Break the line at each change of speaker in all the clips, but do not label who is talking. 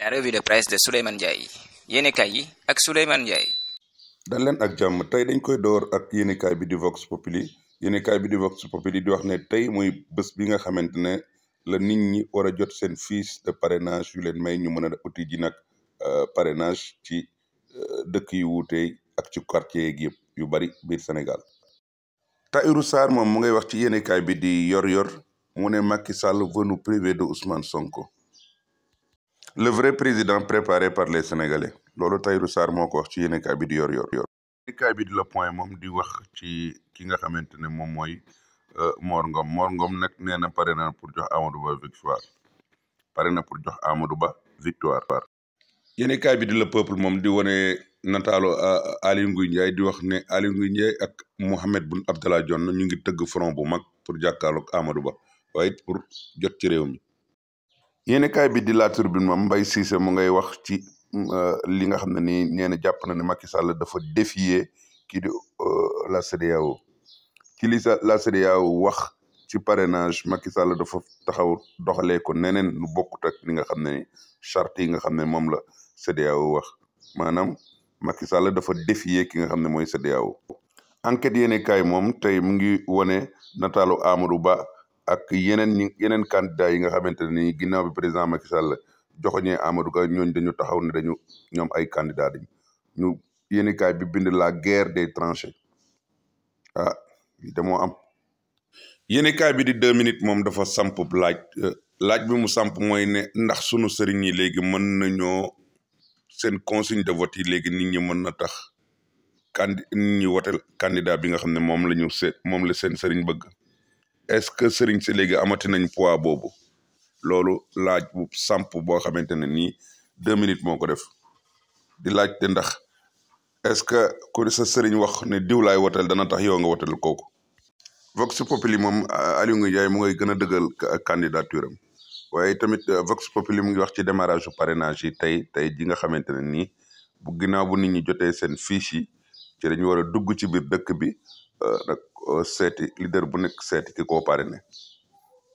la revue de presse de Souleymane Ndiaye yéenekaay yi ak Souleymane Ndiaye. dal leen ak jàmm tey dañ koy door ak yéenekaay bi di Vox Populi yéenekaay bi di Vox Populi di wax ne tey mooy bés bi nga xamante ne la nit ñi war a jot seen fiche de parenage yu leen may ñu mën a uti ji nag euh, parrainage ci euh, dëkk yi wuute ak ci quartier yeeg yëpp yu bari biir Sénégal. Tahirou Sarr moom mu ngay wax ci yéenekaay bi di yor-yor mu ne maki Sall veut nous priver de Ousmane Sonko. le vrai président préparé par les sénégalais loolu Tahirou Sarr moo ko ci yéenekaay bi di yor yor yor yéenekaay bi di la point moom di wax ci ki nga xamante ne moom mooy euh, moor Ngom Mor Ngom nag nee na pare na pour jox Amadou Ba victoire pare na pour jox Amadou Ba victoire yéenekaay bi di la peuple moom di wane nataalu euh, Aliou Nguy Ndiaye di wax ne Aliou Nguy Ndiaye ak Mohamed Boun Abdallah Dionne ñu ngi tëgg front bu mag pour jàkkaarloog Amadou Ba waaye pour jot ci réew mi yéenekaay bi di La Tribune moom Mbaye Cissé mu ngay wax ci euh, li nga xam ne nii nee jàpp na ne Macky Sall dafa défier kii di euh, la CEDEAO ci li la CEDEAO wax ci parenage Macky Sall dafa taxaw doxalee ko neneen lu bokkut ak li nga xam ne ni charte yi nga xam ne moom la CEDEAO wax maanaam Macky Sall dafa défier ki nga xam ne mooy CEDEAO enquête yéenekaay moom tey mu ngi wone nataalu Amadou Ba ak yeneen ñi yeneen candidat yi nga xamante ne nii ginnaaw bi président Macky Sall joxoñee Amadou Ka ñooñ dañu taxaw ne dañu ñoom ay candidat dañu ñu yéenekaay bi bind la guerre de tranché ah lii de moo am yéenekaay bi di deux minutes moom dafa samp laaj euh, laaj bi mu samp mooy ne ndax sunu sëriñ yi léegi mën nañoo seen consigne de vote yi léegi nit ñi mën na tax kandi nit ñi wotel candidat bi nga xam ne moom la ñu se moom la seen sëriñ bëgg est-ce que sëriñ si léegi amati nañ poids boobu loolu laaj bu samp boo xamante ne nii deux minutes moo ko def di laajte ndax est-ce que ku sa sëriñ wax ne diw laay wotal dana tax yow nga wotal kooku. Vox Populi moom Aliou Ndiaye mu ngay gën a dëggal candidature am waaye tamit euh, Vox Populi mu wax ci démarrage su parrainage yi tey tey ji nga xamante ne nii bu ginnaaw bu nit jotee seen fiche yi ci dañu war a dugg ci biir dëkk bi euh, Euh, seeti leader bu nekk seeti ki koo parrainé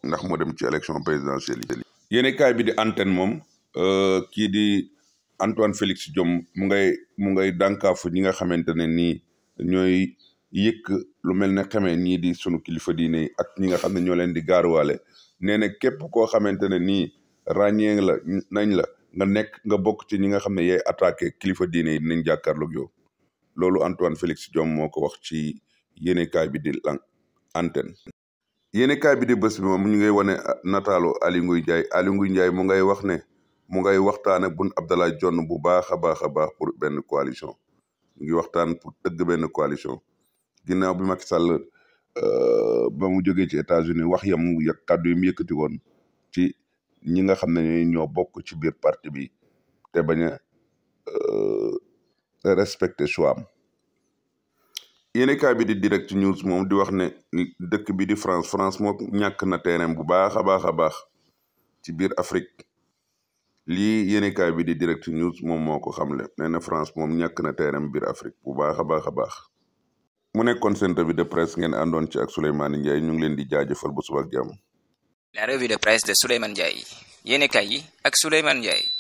ndax moo dem ci élection présidentielle yi. yéen kaay bi di antenne moom euh, kii di Antoine Félix Diome mu ngay mu ngay dànkaafu ñi nga xamante ne nii ñooy yëkk lu mel ne xamee ñii di sunu kilifa diine ak ñi nga xam ne ñoo leen di gaaruwaale nee na képp koo xamante ne nii ràññee la nañ la nga nekk nga bokk ci ñi nga xam ne yaay attaqué kilifa diine yi dinañ jàkkaarloog yow loolu Antoine Félix Diome moo ko wax ci. yéenekaay bi di lan antenne yéenekaay bi di bés bi moom ñu ngay wane ah, nataalu Aly Ngouille Ndiaye Aly Ngouille Ndiaye mu ngay wax ne mu ngay waxtaan ak Boun Abdallah Dionne bu baax a baax a baax pour benn coalition mu ngi waxtaan pour tëgg benn coalition ginnaaw bi Macky Sall euh, ba mu jógee ci États-Unis wax yam mu yëg kàddu yi mu yëkkati woon ci ñi nga xam ne ñoo bokk ci biir parti bi te bañ a euh, respecté yéenekaay bi di direct news moom di wax ne dëkk bi di France France moo ñàkk na terrain bu baax a baax a baax ci biir Afrique lii yéenekaay bi di direct news moom moo ko xamle nee na France moom ñàkk na terrain biir Afrique bu baax a baax a baax. mu nekkoon seen revue de presse ngeen àndoon ci ak Souleymane Ndiaye ñu ngi leen di jaajëfal bu suba ak jàmm. la revue de presse de Souleymane Ndiaye yéenekaay yi ak Souleymane Ndiaye.